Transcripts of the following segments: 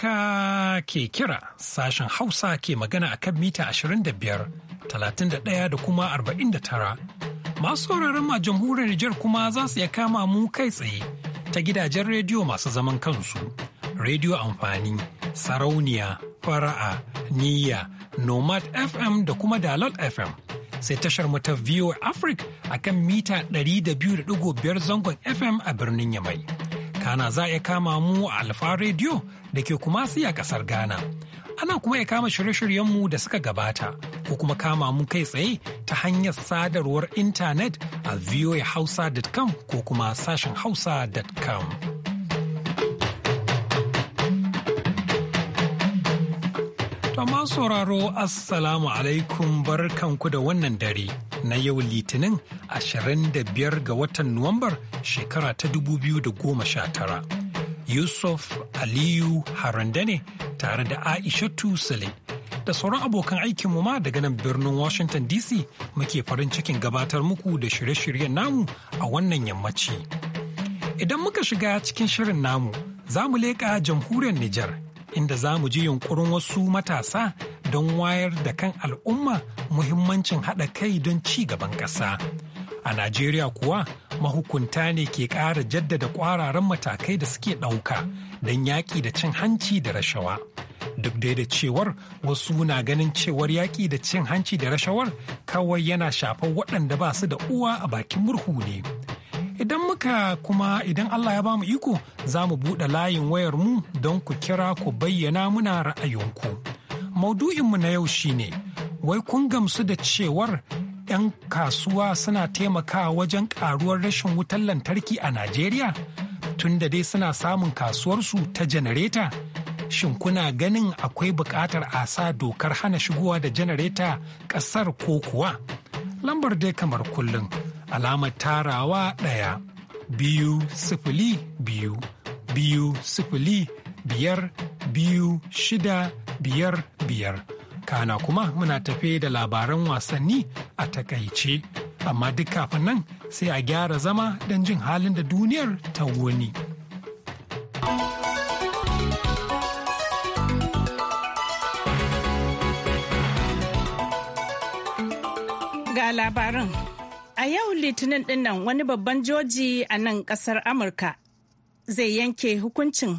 Amurka ke kira sashen Hausa ke magana a kan mita 25, 31 da kuma 49. Masu sauraron ma jamhuriyar Nijar kuma za su iya kama mu kai tsaye ta gidajen rediyo masu zaman kansu, rediyo amfani, sarauniya, fara'a, niyya, nomad FM da kuma dalal FM. Sai tashar mu ta VOA Africa a kan mita 200.5 zangon FM a birnin Yamai. Kana za a kama mu a Alfa Radio da ke kuma a kasar Ghana. Ana kuma ya kama shirye-shiryenmu da suka gabata ko kuma kama mu kai tsaye ta hanyar sadarwar intanet a voahausa.com ko kuma sashen hausa.com. Tama sauraro Assalamu alaikum barkanku da wannan dare. na yau litinin 25 ga watan Nuwambar shekara ta 2019. Yusuf Aliyu Haranda ne tare da Aisha Sule da sauran abokan aikinmu ma daga nan birnin Washington DC muke farin cikin gabatar muku da shirye-shiryen namu a wannan yammaci. Idan muka shiga cikin shirin namu, za mu leƙa jamhuriyar Nijar. inda za mu ji yunkurin wasu matasa don wayar da kan al'umma muhimmancin haɗa kai don ci gaban ƙasa. A Najeriya kuwa mahukunta ne ke ƙara jaddada ƙwararan matakai da suke ɗauka don yaƙi da cin hanci da rashawa. Duk dai da cewar wasu na ganin cewar yaƙi da cin hanci da rashawar kawai yana shafar waɗanda ba su da uwa a bakin murhu ne. Idan muka kuma idan Allah ya ba mu iko za mu buɗe layin wayar mu don ku kira ku bayyana muna ra'ayinku. Maudu'inmu na yau shine wai kun gamsu da cewar 'yan kasuwa suna taimakawa wajen ƙaruwar rashin wutar lantarki a Najeriya tun da dai suna samun kasuwarsu ta janareta. Shin kuna ganin akwai buƙatar a sa dokar hana shigowa da janareta ƙasar ko kuwa? Lambar dai kamar kullum alamar tarawa ɗaya biyu sifili biyu biyu sifili biyar biyu shida biyar biyar. Kana kuma muna tafe da labaran wasanni a takaice, amma duk kafin nan sai a gyara zama don jin halin da duniyar ta wuni. Ga labarin A yau Litinin dinnan wani babban joji a nan kasar Amurka zai yanke hukuncin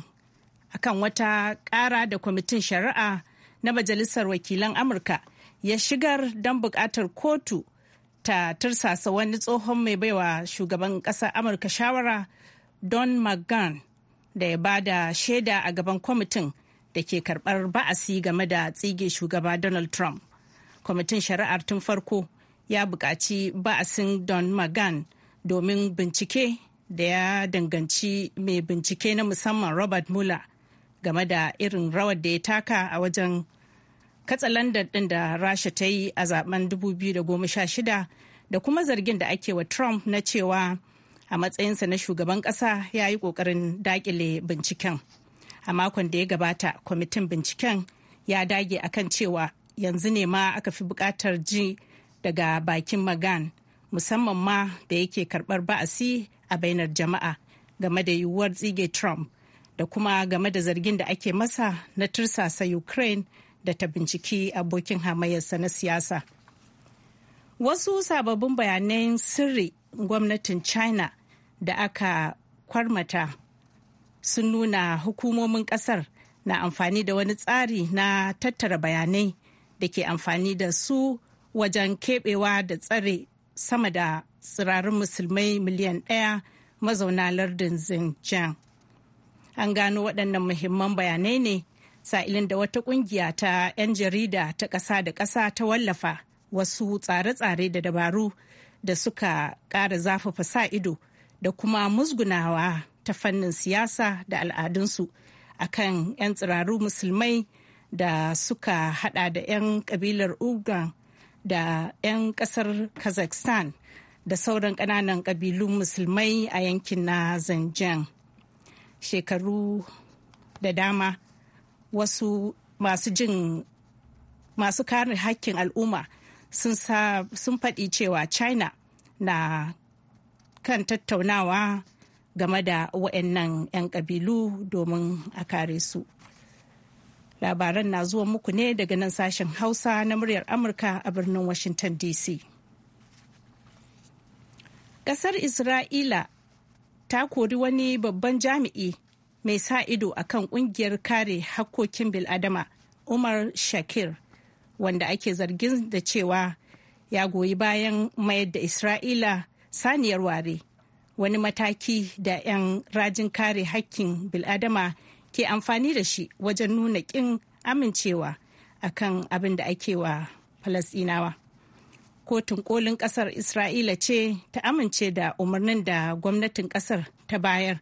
akan wata ƙara da kwamitin shari'a na majalisar wakilan amurka ya shigar don buƙatar kotu ta tursasa wani tsohon mai baiwa shugaban ƙasar amurka shawara don mcgahn da ya ba da shaida a gaban kwamitin da ke karɓar ba'asi game da tsige shugaba donald trump kwamitin shari'ar tun farko ya buƙaci ba'asin don mcgahn domin bincike da ya danganci mai bincike na musamman robert mueller game da irin rawar da ya taka a wajen landan ɗin da rasha ta yi a zaben 2016 da kuma zargin da ake wa trump na cewa a matsayinsa na shugaban ƙasa ya yi ƙoƙarin dakile binciken a makon da ya gabata kwamitin binciken ya dage a kan cewa yanzu ne ma aka fi buƙatar ji daga bakin magan musamman ma da yake karɓar ba'asi a bainar jama'a game da yiwuwar tsige trump da kuma game da zargin da ake masa na tursasa ukraine da ta binciki abokin hamayarsa na siyasa wasu sababbin bayanan sirri gwamnatin china da aka kwarmata sun nuna hukumomin kasar na amfani da wani tsari na tattara bayanai da ke amfani da su wajen keɓewa da tsare sama da tsirarin musulmai miliyan ɗaya mazauna lardin Xinjiang. an gano waɗannan muhimman bayanai ne sa'ilin da wata ƙungiya ta 'yan jarida ta ƙasa da ƙasa ta wallafa wasu tsare-tsare da dabaru da suka ƙara zafafa sa ido da kuma musgunawa ta fannin siyasa da al'adunsu a kan 'yan tsiraru musulmai da suka hada da 'yan ƙabilar ugan da 'yan ƙasar kazakhstan da sauran ƙananan ƙabilun musulmai a yankin na zanjan shekaru da dama wasu masu jin masu kare hakkin al'umma sun faɗi cewa china na kan tattaunawa game da wa'annan 'yan ƙabilu domin a kare su labaran na zuwa muku ne daga nan sashen hausa na muryar amurka a birnin washington dc Kasar Isra'ila ta kori wani babban jami'i mai sa ido a kan kungiyar kare hakkokin biladama umar shakir wanda ake zargin da cewa ya goyi bayan mayar da isra'ila saniyar ware wani mataki da 'yan rajin kare hakkin biladama ke amfani da shi wajen nuna kin amincewa akan abin da ake wa falasinawa kotun kolin kasar isra'ila ce ta amince da umarnin da gwamnatin kasar ta bayar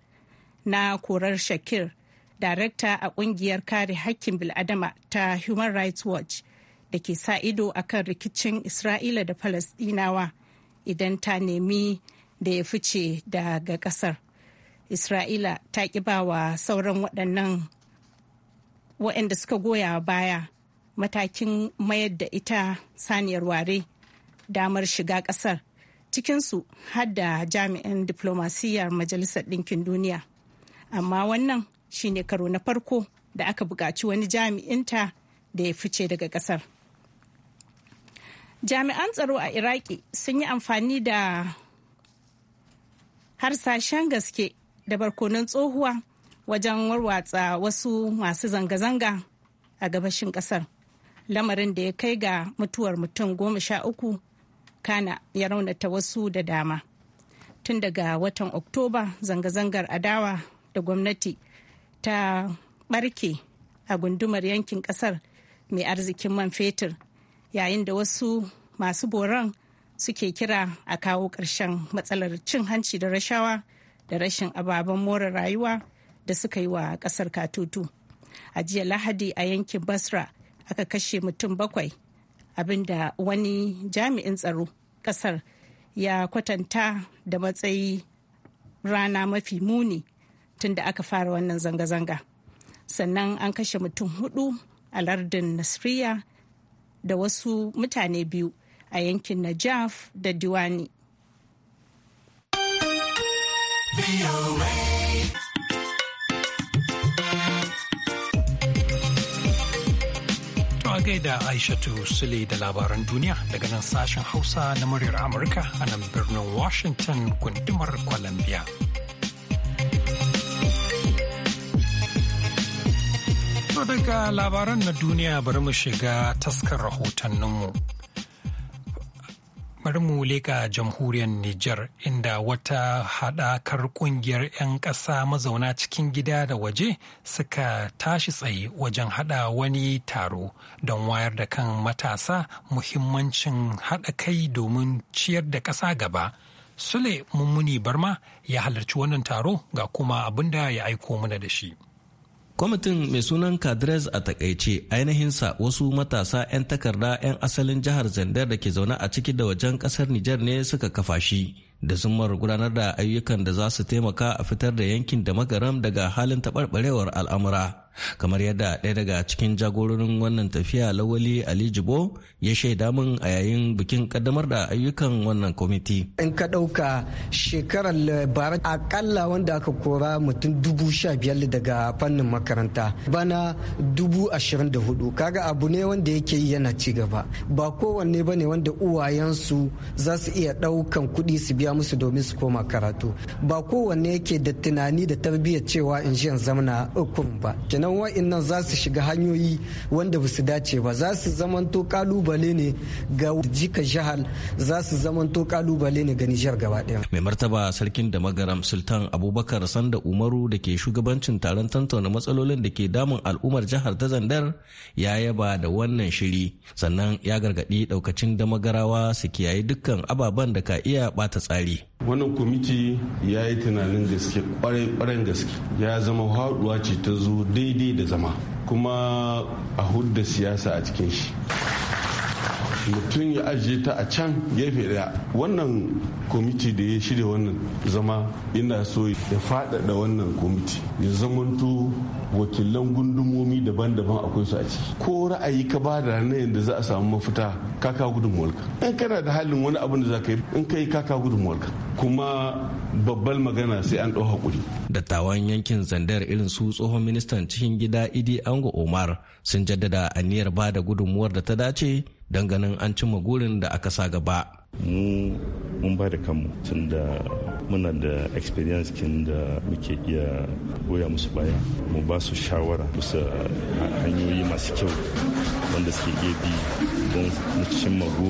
na korar shakir darakta a kungiyar kare hakkin bil'adama ta human rights watch da ke sa ido a kan rikicin isra'ila da falasdinawa idan ta nemi da ya fice daga kasar isra'ila ta ki wa sauran waɗannan waɗanda suka goya baya matakin mayar da ita saniyar ware damar shiga kasar cikinsu har da jami'in diplomasiyyar majalisar ɗinkin duniya amma wannan shine karo na farko da aka buƙaci wani jami'inta da ya fice daga ƙasar jami'an tsaro a iraki sun yi amfani da harsashen gaske da barkonon tsohuwa wajen warwatsa wasu masu zanga-zanga a gabashin ƙasar lamarin da ya kai ga mutuwar mutum goma sha uku kana ya raunata wasu da dama tun daga watan oktoba zanga-zangar adawa da gwamnati ta barke a gundumar yankin kasar mai arzikin man fetur yayin da wasu masu boran suke kira a kawo ƙarshen matsalar cin hanci da rashawa da rashin ababen more rayuwa da suka yi wa ƙasar katutu a jiya lahadi a yankin basra aka kashe mutum bakwai abinda wani jami'in tsaro kasar ya kwatanta da matsayi rana mafi muni tunda aka fara wannan zanga-zanga sannan an kashe mutum hudu a lardin nasriya da wasu mutane biyu a yankin najaf da diwani. A gaida Aishatu Sule da labaran duniya daga nan sashen Hausa na muryar Amurka a nan birnin Washington gundumar Columbia. daga labaran na duniya bari mu shiga taskar rahotanninmu. bari mu leƙa jamhuriyar Nijar inda wata haɗakar ƙungiyar 'yan ƙasa mazauna cikin gida da waje suka tashi tsaye wajen haɗa wani taro don wayar da kan matasa muhimmancin haɗa kai domin ciyar da ƙasa gaba. Sule Mummuni Barma ya halarci wannan taro ga kuma abinda ya aiko mana da shi. kwamitin mai sunan kadres a takaice sa wasu matasa 'yan takarda 'yan asalin jihar zandar da ke zaune a ciki da wajen kasar nijar ne suka kafa shi da zumar gudanar da ayyukan da za su taimaka a fitar da yankin da magaram daga halin taɓarɓarewar al'amura kamar yadda ɗaya daga cikin jagororin wannan tafiya lawali ali jibo ya shaida min a yayin bikin kaddamar da ayyukan wannan kwamiti in ka ɗauka shekarar bara akalla wanda aka kora mutum dubu sha biyar daga fannin makaranta bana dubu ashirin da hudu kaga abu ne wanda yake yi yana ci gaba ba kowanne bane wanda uwayensu za su iya ɗaukan kuɗi su biya musu domin su koma karatu ba kowanne yake da tunani da tarbiyyar cewa in zamana ukun ba kenan nan za su shiga hanyoyi wanda ba su dace ba za su zamanto kalubale ne ga jika jihar za su zamanto kalubale ne ga nijar gaba daya mai martaba sarkin da magaram sultan abubakar sanda umaru da ke shugabancin taron tantauna matsalolin da ke damun al'ummar jihar ta zandar ya yaba da wannan shiri sannan ya gargaɗi daukacin da magarawa su kiyaye dukkan ababen da ka iya bata tsari wannan kwamiti ya yi tunanin gaske kwarai-kwarai gaske ya zama haɗuwa ce ta zo dai daidai da zama kuma a hudda siyasa a cikin shi mutum ya ajiye ta a can gefe daya wannan kwamiti da ya shirya wannan zama ina so ya faɗaɗa wannan kwamiti ya zamanto wakilan gundumomi daban-daban akwai su a ciki ko ra'ayi ka ba da na yadda za a samu mafita kaka gudunmuwarka in kana da halin wani abin da za ka yi in ka yi kaka gudunmuwarka kuma babbal magana sai an ɗau hakuri. dattawan yankin zandar irin su tsohon ministan cikin gida idi ango omar sun jaddada aniyar ba da gudunmuwar da ta dace don ganin an cimma gurin da aka sa gaba mu mun ba da kanmu tun da muna da experience kin da muke iya goya musu baya mu ba su shawara kusa hanyoyi masu kyau wanda suke iya bi don mu cimma mu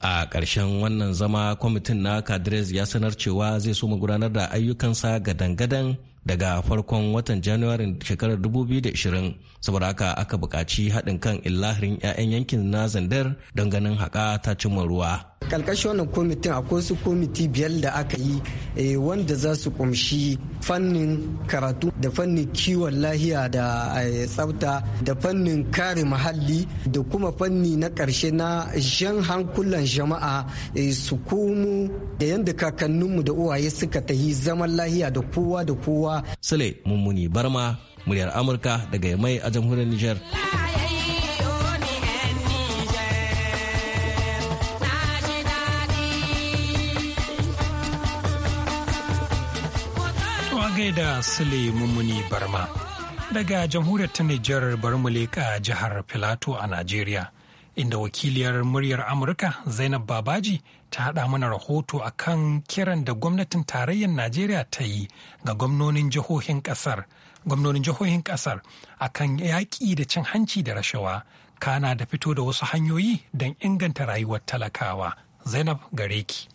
a ƙarshen wannan zama kwamitin na kadres ya sanar cewa zai so mu gudanar da ayyukansa gadan-gadan daga farkon watan Janairun shekarar 2020 saboda haka aka buƙaci haɗin kan illahirin 'ya'yan yankin na zandar don ganin haƙa ta cimma ruwa. Ƙarƙashin wannan kwamitin akwai su kwamiti biyar da aka yi eh, wanda za su kumshi fannin karatu da fannin kiwon lahiya da eh, tsafta da fannin kare muhalli da kuma fanni na karshe na jan hankulan jama'a eh, su komo da yadda kakanninmu da uwaye suka tahi zaman lahiya da kowa da kowa. Sule Mummuni Barma, muryar Amurka daga Yamai a jamhuriyar Nijar. da Sule Mummuni Barma. Daga jamhuriyar ta Nijar bari leƙa jihar Filato a Najeriya, inda wakiliyar muryar Amurka Zainab Babaji ta haɗa mana rahoto a kan kiran da gwamnatin tarayyar Najeriya ta yi ga gwamnonin jihohin ƙasar. Gwamnonin jihohin ƙasar a kan yaƙi da cin hanci da rashawa, kana da fito da wasu hanyoyi don inganta rayuwar talakawa. Zainab Gareki. ki.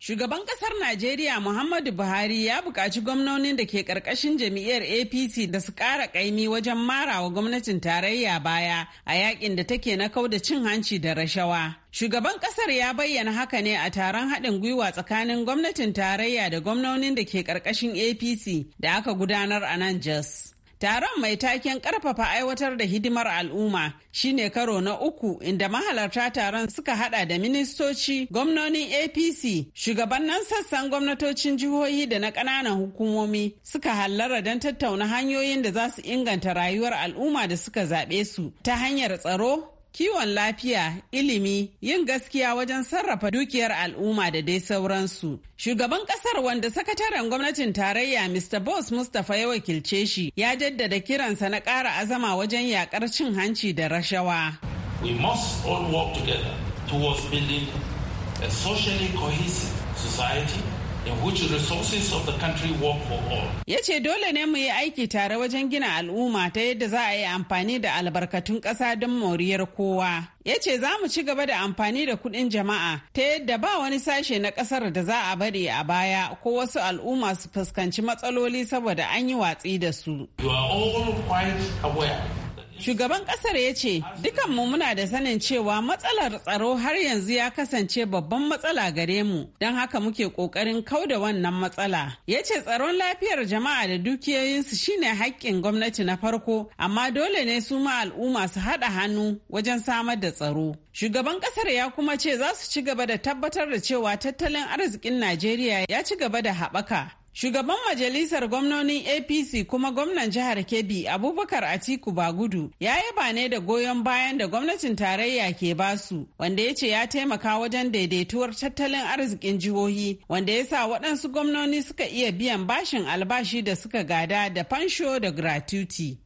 Shugaban kasar Najeriya Muhammadu Buhari ya buƙaci gwamnonin da ke ƙarƙashin jam'iyyar APC da su ƙara ƙaimi wajen marawa gwamnatin tarayya baya a yakin da take na kau da cin hanci da rashawa. Shugaban ƙasar ya bayyana haka ne a taron haɗin gwiwa tsakanin gwamnatin tarayya da gwamnonin da ke ƙarƙashin APC da aka gudanar a nan Jos. Taron mai taken karfafa aiwatar da hidimar al'umma shine karo na uku inda mahalarta taron suka hada da ministoci, gwamnonin APC, shugabannin sassan gwamnatocin jihohi da na kananan hukumomi suka hallara don tattauna hanyoyin da za su inganta rayuwar al'umma da suka zaɓe su ta hanyar tsaro, kiwon lafiya, ilimi, yin gaskiya wajen sarrafa dukiyar al'umma da dai sauransu. Shugaban kasar wanda sakataren gwamnatin tarayya Mr. Boss Mustapha ya wakilce shi ya jaddada kiransa na ƙara azama wajen yakar cin hanci da rashawa. We must all work together towards building a socially cohesive society which of the country Ya ce dole ne mu yi aiki tare wajen gina al'umma ta yadda za a yi amfani da albarkatun ƙasa don moriyar kowa. Ya ce za mu ci gaba da amfani da kuɗin jama'a ta yadda ba wani sashe na ƙasar da za a bari a baya ko wasu al'umma su fuskanci matsaloli saboda an yi watsi da su. You are all quite aware Shugaban kasar ya ce, dukanmu muna da sanin cewa matsalar tsaro har yanzu ya kasance babban matsala gare mu, don haka muke ƙoƙarin kauda wannan matsala. Ya ce tsaron lafiyar jama'a da dukiyoyinsu shine haƙƙin gwamnati na farko, amma dole ne su ma al'umma su haɗa hannu wajen samar da tsaro. Shugaban kasar ya kuma ce za su ci gaba da tabbatar da cewa tattalin arzikin Najeriya ya ci gaba da haɓaka Shugaban Majalisar Gwamnonin APC kuma gwamnan jihar Kebbi Abubakar Atiku Bagudu ya yaba ne da goyon bayan da gwamnatin tarayya ke basu wanda ya ce ya taimaka wajen daidaituwar tattalin arzikin jihohi wanda ya sa waɗansu gwamnoni suka iya biyan bashin albashi da suka gada da fansho da gratuity.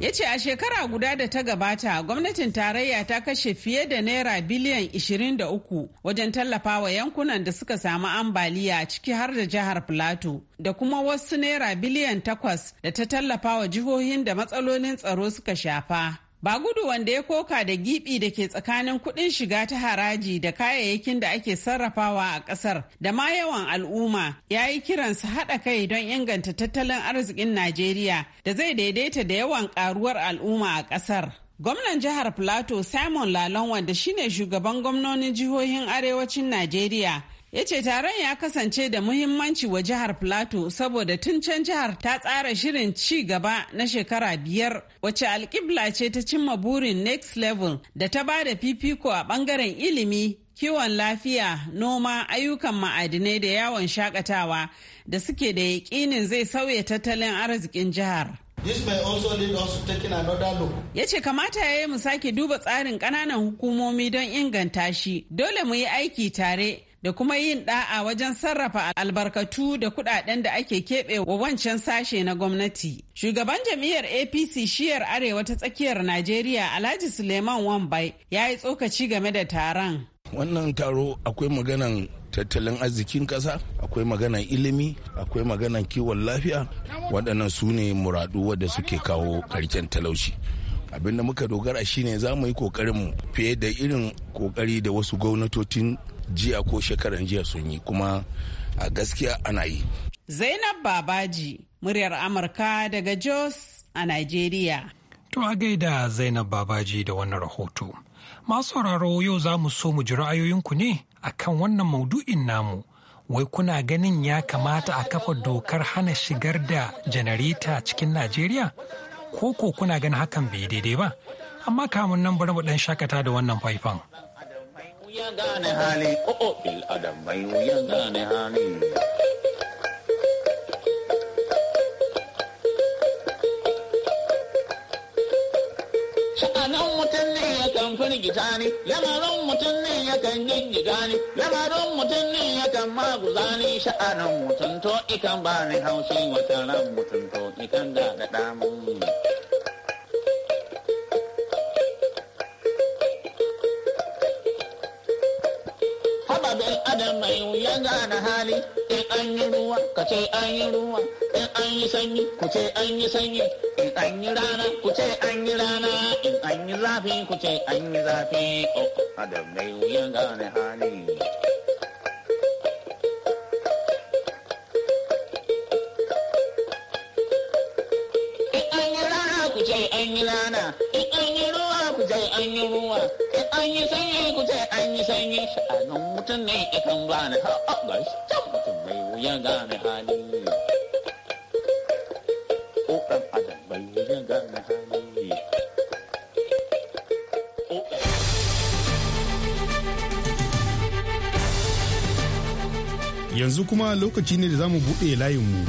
Ya ce a shekara guda da ta gabata gwamnatin tarayya ta kashe fiye da naira biliyan 23 wajen tallafa wa yankunan da suka samu ambaliya ciki har da jihar plato da kuma wasu naira biliyan 8 da ta tallafa wa jihohin da matsalolin tsaro suka shafa. Ba gudu wanda ya koka da gibi da ke tsakanin kuɗin shiga ta haraji da kayayyakin da ake sarrafawa a ƙasar da ma yawan al'umma ya yi kiran su haɗa kai don inganta tattalin arzikin Najeriya da zai daidaita da yawan ƙaruwar al'umma a ƙasar. Gwamnan jihar Plateau Simon Lalon wanda shine shugaban gwamnonin jihohin arewacin Najeriya ya ce taron ya kasance da muhimmanci wa jihar plateau saboda tun can jihar ta tsara shirin ci gaba na shekara biyar wacce alkibla ce ta cimma burin next level da ta ba da fifiko a bangaren ilimi kiwon lafiya noma ayyukan ma'adinai da yawon shakatawa da suke da yaƙinin zai sauya tattalin arzikin jihar Ya ce kamata ya yi mu sake duba tsarin ƙananan hukumomi don inganta shi, dole mu yi aiki tare da kuma yin da'a wajen sarrafa albarkatu da kudaden da ake keɓe wa wancan sashe na gwamnati. Shugaban jam'iyyar APC shiyar Arewa ta tsakiyar Najeriya Alhaji Suleiman Wambai ya yi tsokaci game da taron. Wannan taro akwai maganan tattalin arzikin ƙasa akwai maganan ilimi akwai maganan kiwon lafiya waɗannan su ne muradu wadda suke kawo ƙarshen talauci abin da muka dogara shine za mu yi kokarin mu fiye da irin kokari da wasu gwamnatocin jiya ko shekaran jiya sun yi kuma a gaskiya ana yi zainab babaji muryar amurka daga jos a Najeriya. to a gaida zainab babaji da wannan rahoto masu sauraro yau za mu so mu ji ra'ayoyinku ne akan wannan maudu'in namu wai kuna ganin ya kamata a kafa dokar hana shigar da janareta cikin najeriya koko kuna ganin hakan bai daidai ba amma kamun nan bari mu dan shakata da wannan faifan. wuya gane hali o'o oh, oh, bil adam mai wuya gane hali Sha'anan mutum ne ya kan firgita ne, lamarin mutum ne ya kan gingiga ne, lamarin mutum ne ya kan maguza ne, sha'anan mutum to ikan ba ni haushi wata ran mutum to ikan da da damun. ka gane hali in an yi ruwa ka ce an yi ruwa in an yi sanyi ku ce an yi sanyi in an yi rana ku ce an yi rana in an yi zafi ku ce an yi zafi oh adam mai wuyan gane hali in an yi rana ku ce an yi rana an yi ruwa in an yi sanyi ku sanyi sha'anin mutum ne Yanzu kuma lokaci ne da za mu buɗe layinmu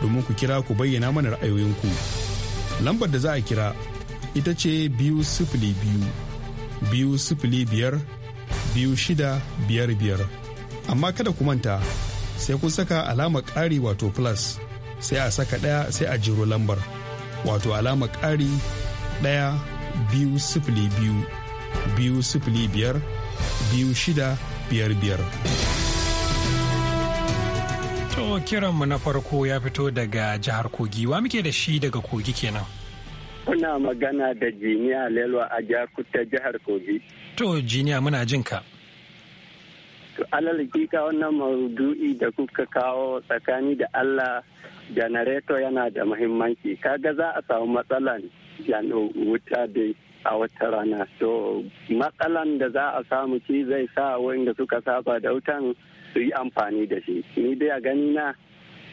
domin ku kira ku bayyana mana ra'ayoyinku. Lambar da za a kira ita ce biyu sifili biyu biyu sifili biyar biyu shida biyar biyar amma kada ku manta sai kun saka alama ƙari wato plus sai a saka ɗaya sai a jiro lambar wato alama ƙari ɗaya biyu sifili biyu biyu sifili biyar biyu shida biyar biyar. To kiranmu na farko ya fito daga jihar Kogi wa muke da shi daga Kogi kenan. Kuna magana da Jiniya Lelwa a Jakuta jihar Kogi. To Jiniya muna jin ka. To alal hakika wannan maudu'i da kuka kawo tsakani da Allah janareto yana da muhimmanci. Kaga za a samu matsalan wuta dai a wata rana. To matsalan da za a samu shi zai sa wanda suka saba da wutan su yi amfani da shi. Ni dai a gani na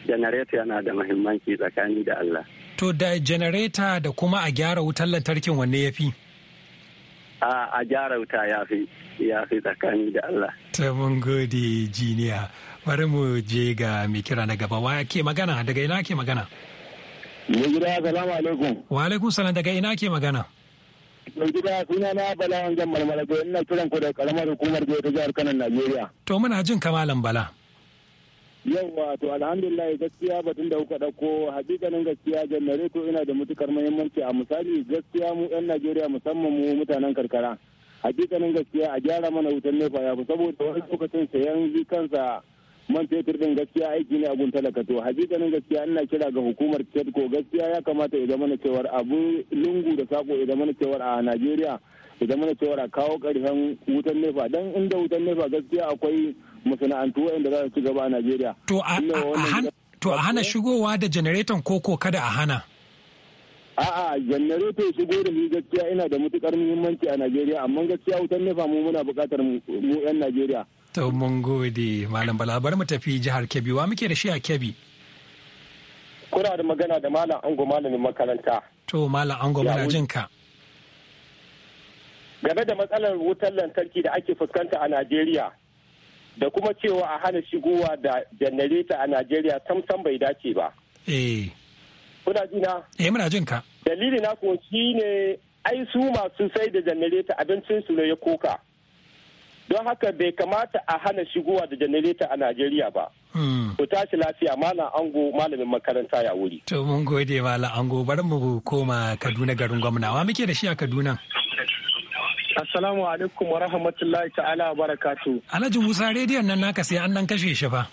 janareto yana da mahimmanci tsakani da Allah. To da janareta da kuma a gyara wutar lantarkin wanne ya fi? A gyara wuta ya fi, tsakani da Allah. Ta mun gode jiniya. Bari mu je ga mai kira na gaba. Wa ke magana? Daga ina ke magana? Mai gida, salamu alaikum. Wa alaikum salam daga ina ke magana? mai gida suna na bala an marmara malmala ina kiran ku da karamar hukumar da ta jihar kanan najeriya to muna jin kamalan bala yauwa to alhamdulillah gaskiya batun da kuka ɗauko hakikanin gaskiya janareto ina da matukar muhimmanci a misali gaskiya mu 'yan najeriya musamman mu mutanen karkara hakikanin gaskiya a gyara mana wutan nefa ya fi saboda wani lokacin sayan zi kansa man fetur din gaskiya aiki ne abun talaka to hakikanin gaskiya ina kira ga hukumar tedco gaskiya ya kamata ya zama cewar abu lungu da sako ya zama cewar a najeriya ya zama cewar a kawo karshen wutan nefa dan inda wutan nefa gaskiya akwai masana'antu waɗanda za su ci gaba a Najeriya. To a hana shigowa da janareton koko kada a hana. A'a janareto shigo da ni gaskiya ina da matukar muhimmanci a Najeriya amma gaskiya wutar nefa mu muna buƙatar mu 'yan Najeriya. To mun gode Malam Bala bar mu tafi jihar Kebbi wa muke da shi a Kebbi. Kuna da magana da Malam Ango malamin makaranta. To Malam Ango muna jin ka. Game da matsalar wutar lantarki da ake fuskanta a Najeriya. da kuma cewa a hana shigowa da janareta a Najeriya samsam bai dace ba. Eh. Kuna jina? Eh muna jin ka. Dalili na kuwa shi ne ai su masu sai da janareta abincin su ne ya koka. Don haka bai kamata a hana shigowa da janareta a Najeriya ba. Hmm. Ku tashi lafiya malam ango malamin makaranta ya wuri. To mun gode malam ango bari mu koma Kaduna garin gwamna. Wa muke da shi a Kaduna? Assalamu alaikum wa rahmatullahi ta'ala wa barakatu. Alhaji Musa rediyon nan naka sai an dan kashe shi fa.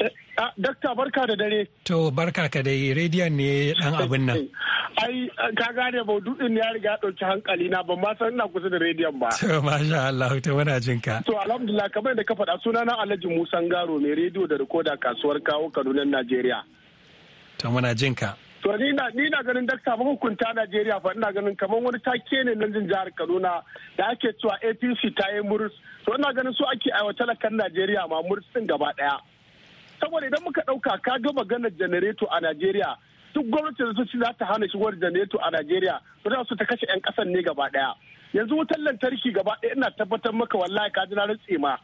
Eh, ah, dakta barka da dare. To barka ka dai rediyon ne dan abin nan. Ai ka gane ba dudin ya riga dauki hankali na ban ma san ina kusa da rediyon ba. To masha Allah to muna jin ka. To alhamdulillah kamar da ka faɗa sunana Alhaji Musa Ngaro mai rediyo da rikoda kasuwar kawo Kaduna Najeriya. To muna jin ka. to ni na ni na ganin dakta hukunta Najeriya fa ina ganin kamar wani take ne na jin jihar Kaduna da ake cewa APC ta yi murus to ina ganin su ake aiwa talakan Najeriya ma murus gaba daya saboda idan muka dauka ka ga maganar janareto a Najeriya duk gwamnati da su za ta hana shigowar janareto a Najeriya ba za su ta kashe 'yan kasan ne gaba daya yanzu wutar lantarki gaba ɗaya ina tabbatar maka wallahi ka ji na rantse ma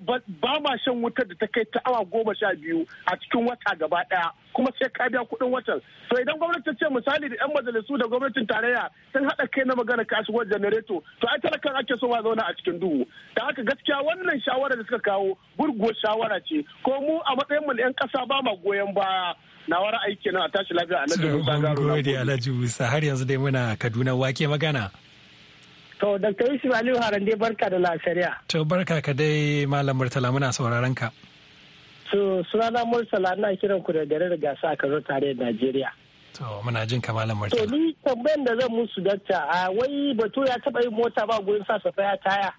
ba ma shan wutar da ta kai ta awa goma sha biyu a cikin wata gaba ɗaya kuma sai ka biya kuɗin watan to idan gwamnati ta ce misali da 'yan majalisu da gwamnatin tarayya sun haɗa kai na magana kasuwar janareto to ai talakan ake so ma zauna a cikin duhu da haka gaskiya wannan shawara da suka kawo gurgo shawara ce ko mu a matsayin mu 'yan ƙasa ba ma goyon baya na wara aiki na a tashi lafiya alhaji musa garo na alhaji musa har yanzu dai muna kaduna wake magana To, Dr. Yusuf Aliyu Haran dai barka da lasariya. To, barka ka dai Malam Murtala muna sauraron ka. To, sunana Murtala na kiran ku da garin gasa a Kano tare da Najeriya. To, muna jin ka Malam Murtala. To, ni tambayan da zan musu dakta, a wai batu ya taɓa yin mota ba gurin sa safaya taya.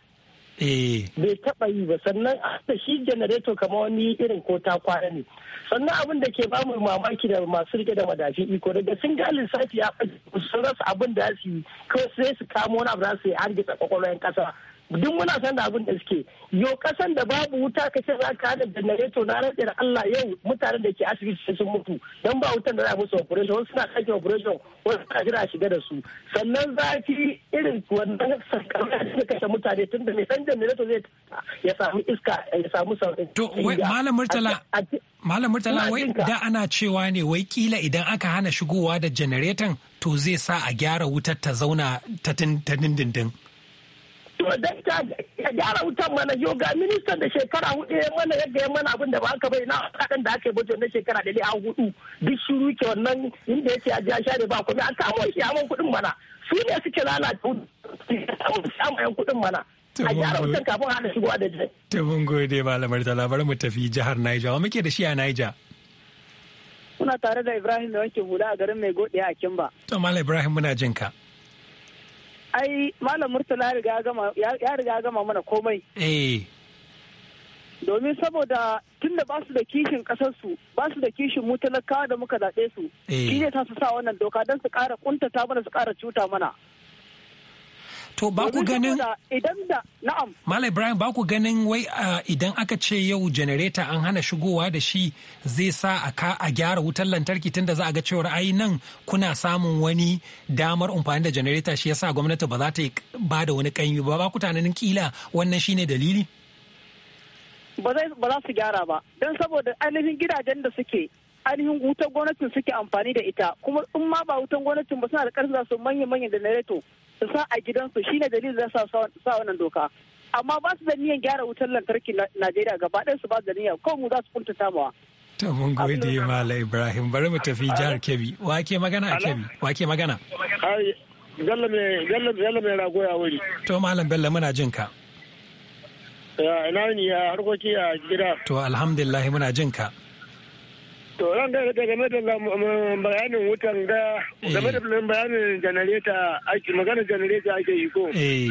Eh. bai taɓa yi ba sannan da shi janareto kama wani irin ko ta kwana ne sannan abin da ke bamu mamaki da masu rike da madafin iko daga sun ga lissafi ya sun rasa abin da su yi kawai sai su kamo wani abu za su yi hargitsa yan ƙasa duk muna san da abin da suke yo kasan da babu wuta ka ce za ka hada janareto na rantsa da Allah yau mutanen da ke asibiti sun mutu dan ba wutan da za a musu operation wasu suna kake operation wasu suna jira shiga da su sannan zafi irin wannan sankarwa da kashe mutane tun da mai san janareto zai ya samu iska ya samu sauran to wai malam murtala malam murtala wai da ana cewa ne wai kila idan aka hana shigowa da janareton to zai sa a gyara wutar ta zauna ta dindindin to dan ta gyara wutan mana yo ga ministan da shekara hudu ya mana yadda ya mana abin da ba ka bai na kadan da aka yi na shekara da a hudu duk shiru ke wannan inda yake a jiya share ba kuma an kamo shi amon kudin mana su ne suke lalata samayen kudin mana a gyara wutan kafin hana shigowa da jai. Tabin gode malamar ta labarin mu tafi jihar Niger wa muke da shi a Niger. Muna tare da Ibrahim da wanke hula a garin Mai Godiya a Kimba. To Malam Ibrahim muna jin ka. ai malam murtala ya riga gama mana komai eh. domin saboda tun da basu da kishin kasarsu basu da kishin mu talakawa da muka zaɓe su eh. shi ne su sa wannan doka don su ƙara kuntata mana su ƙara cuta mana To ba ku ganin idan da na'am. Malam Ibrahim ba ku ganin wai idan aka ce yau janareta an hana shigowa da shi zai sa a gyara wutar lantarki tunda za a ga cewar ai nan kuna samun wani damar amfani da janareta shi yasa gwamnati ba za ta ba da wani kanyi ba ba ku tunanin kila wannan shine dalili? Ba za su gyara ba don saboda ainihin gidajen da suke ainihin wutar gwamnatin suke amfani da ita kuma in ma ba wutar gwamnatin ba suna da za su manya-manyan janareto su sa a gidansu shine dalilin da sa wannan doka amma ba su da niyan gyara wutar lantarki Najeriya gaba ɗaya su ba su da niyan kawai mu za su kuntata mawa Ta mun gode Mala Ibrahim bari mu tafi jihar Kebbi Wa ke magana a Kebbi wa ke magana Bello mai Bello mai rago ya wuri To Malam Bello muna jin ka Ya ina ni ya harkoki a gida To alhamdulillah muna jin ka To ran da ta game da um, bayanin wutan da game da eh. bayanin janareta ake magana janareta ake yi ko. Eh.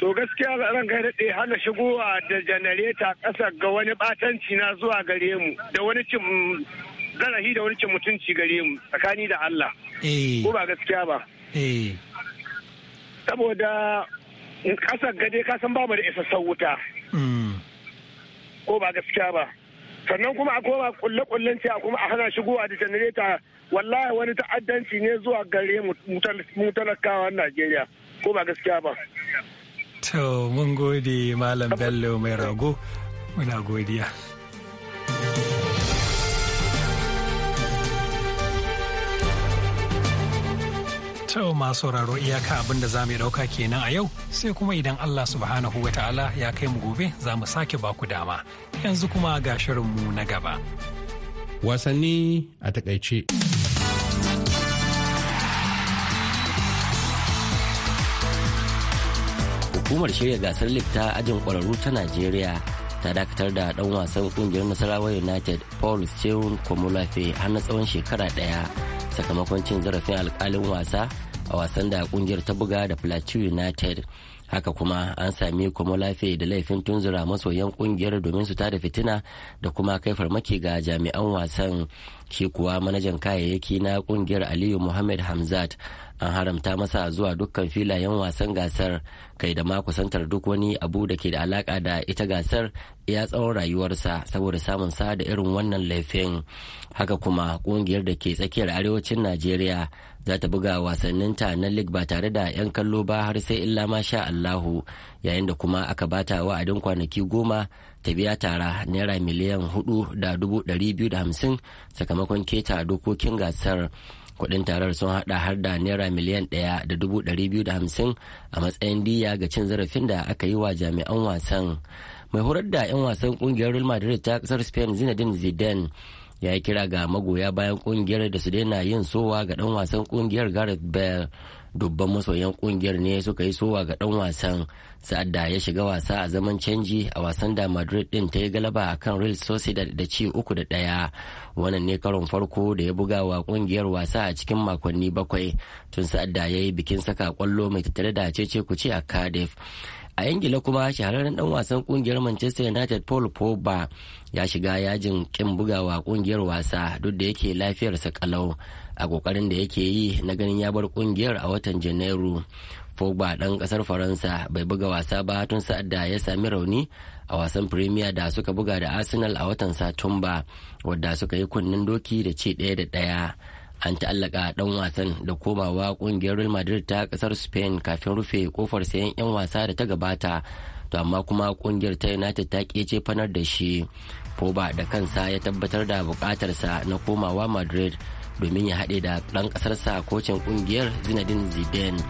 To gaskiya ran kai daɗe hana shigowa da janareta ƙasa ga wani ɓatanci na zuwa gare mu da wani cin zarahi da wani cin mutunci gare mu tsakani da Allah. Eh. Ko ba gaskiya ba. Saboda ƙasar gade kasan babu da isassan wuta. Mm. Ko ba gaskiya ba. sannan kuma a koma kulle-kullen cewa kuma a hana shigowa da janareta wallahi wani ta'addanci ne zuwa gare mu talakawa najeriya ko ba gaskiya ba to mun gode malam bello mai rago muna godiya To masu sauraro iyaka abin da za mu ɗauka kenan a yau sai kuma idan Allah subhanahu wa ta'ala ya kai mu gobe za mu sake baku dama. Yanzu kuma ga shirinmu na gaba. Wasanni a takaice. Hukumar shirya gasar lig ajin kwararru ta Najeriya ta dakatar da dan wasan kungiyar Nasarawa United Paul Seun Komolafe har na tsawon shekara ɗaya. sakamakon cin zarafin alkalin wasa a wasan da kungiyar ta buga da plateau united haka kuma an sami lafiya da laifin tunzura masoyan kungiyar domin su tada fitina da kuma kai farmaki ga jami'an wasan shi kuwa manajan kayayyaki na kungiyar aliyu muhammad hamzat an haramta masa zuwa dukkan filayen wasan gasar kai da ma kusantar duk wani abu da ke da alaka da ita gasar ya tsawon rayuwarsa saboda samun sa da irin wannan laifin haka kuma kungiyar da ke tsakiyar arewacin najeriya za ta buga wasannin ta na lig ba tare da 'yan kallo ba har sai illa ma sha allahu yayin da kuma aka bata wa'adin kwanaki goma ta biya tara naira miliyan hudu da dubu dari biyu da hamsin sakamakon keta dokokin gasar kudin tarar sun hada har da naira miliyan ɗaya da dubu ɗari biyu da hamsin a matsayin diya ga cin zarafin da aka yi wa jami'an wasan mai horar da 'yan wasan kungiyar real madrid ta kasar spain zinedine zidane ya yi kira ga magoya bayan kungiyar da su daina yin sowa ga dan wasan kungiyar gareth bale dubban masoyan kungiyar ne suka yi sowa ga dan wasan sa'ad da ya shiga wasa a zaman canji a wasan da madrid din ta yi galaba a kan real sociedad da ci uku da daya wannan ne karon farko da ya buga wa kungiyar wasa a cikin makonni bakwai tun sa'ad da ya yi bikin saka kwallo mai tattare da cece kuce a cardiff a ingila kuma shahararren dan wasan kungiyar manchester united paul pogba ya shiga yajin kin bugawa kungiyar wasa duk da yake lafiyarsa kalau a kokarin da yake yi na ganin ya bar kungiyar a watan janairu Pogba dan ƙasar Faransa bai buga wasa ba tun sa'ad da ya sami rauni a wasan Premier da suka buga da Arsenal a watan Satumba wadda suka yi kunnen doki da ci ɗaya da ɗaya. An ta'allaka ɗan wasan da komawa ƙungiyar Real Madrid ta kasar Spain kafin rufe kofar sayan 'yan wasa da ta gabata. To amma kuma ƙungiyar ta United ta kece fanar da shi. Pogba da kansa ya tabbatar da bukatarsa na komawa Madrid domin ya haɗe da ɗan ƙasarsa kocin ƙungiyar zinedine zidane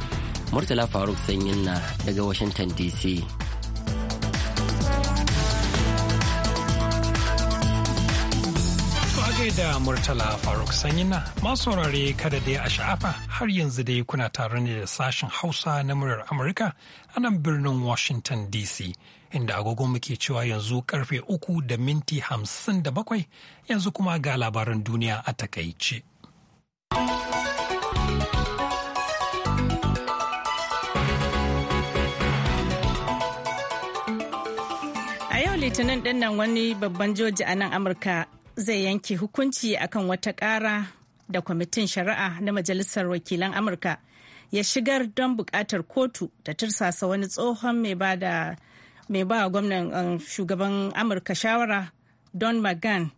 murtala faruk sanyin na daga washington dc da Murtala Faruk Sanyina masu saurare kada dai a sha'afa har yanzu dai kuna tare ne da sashen Hausa na muryar Amurka a nan birnin Washington DC inda agogo muke cewa yanzu karfe uku da minti hamsin da bakwai yanzu kuma ga labaran duniya a takaice. A yau Litinin ɗin wani babban joji a nan Amurka zai yanke hukunci akan wata ƙara da kwamitin shari'a na Majalisar Wakilan Amurka ya shigar don buƙatar kotu ta tirsasa wani tsohon mai ba da mai ba gwamnan um, shugaban Amurka shawara Don McGahn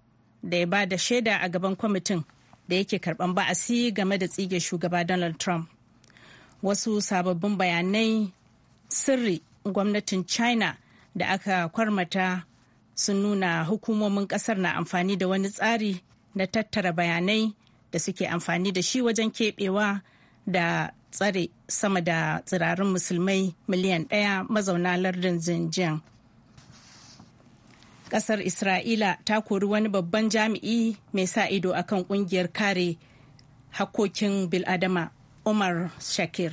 da ya ba da shaida a gaban kwamitin da yake karban ba'asi game da tsige shugaba donald trump wasu sababbin bayanai sirri gwamnatin china da aka kwarmata sun nuna hukumomin kasar na amfani da wani tsari na tattara bayanai da suke amfani da shi wajen keɓewa da tsare sama da tsirarin musulmai miliyan ɗaya mazauna lardin Xinjiang. kasar isra'ila ta kori wani babban jami'i mai sa ido akan kungiyar kare hakkokin biladama umar shakir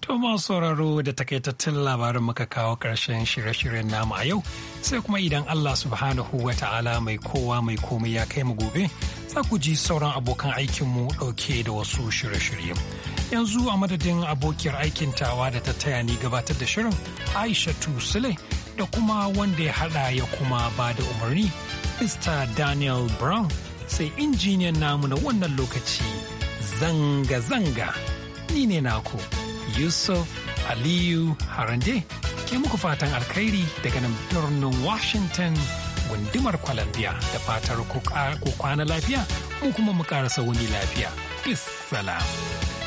To sauraro da takaitattun labarin muka kawo ƙarshen shirye-shiryen namu a yau sai kuma idan Allah subhanahu wa ta'ala mai kowa mai komai ya kai mu gobe za ku ji sauran abokan aikinmu ɗauke da wasu shirye-shirye. Yanzu a madadin abokiyar aikin tawa da ta taya ni gabatar da shirin Aisha Sule da kuma wanda ya hada ya kuma ba da umarni mr daniel brown sai injiniyan namu na wannan lokaci zanga-zanga ni ne naku yusuf aliyu harande ke muku fatan alkhairi daga nan birnin washington gundumar columbia da fatar ku kwana lafiya mu kuma mu karasa wani lafiya bis salam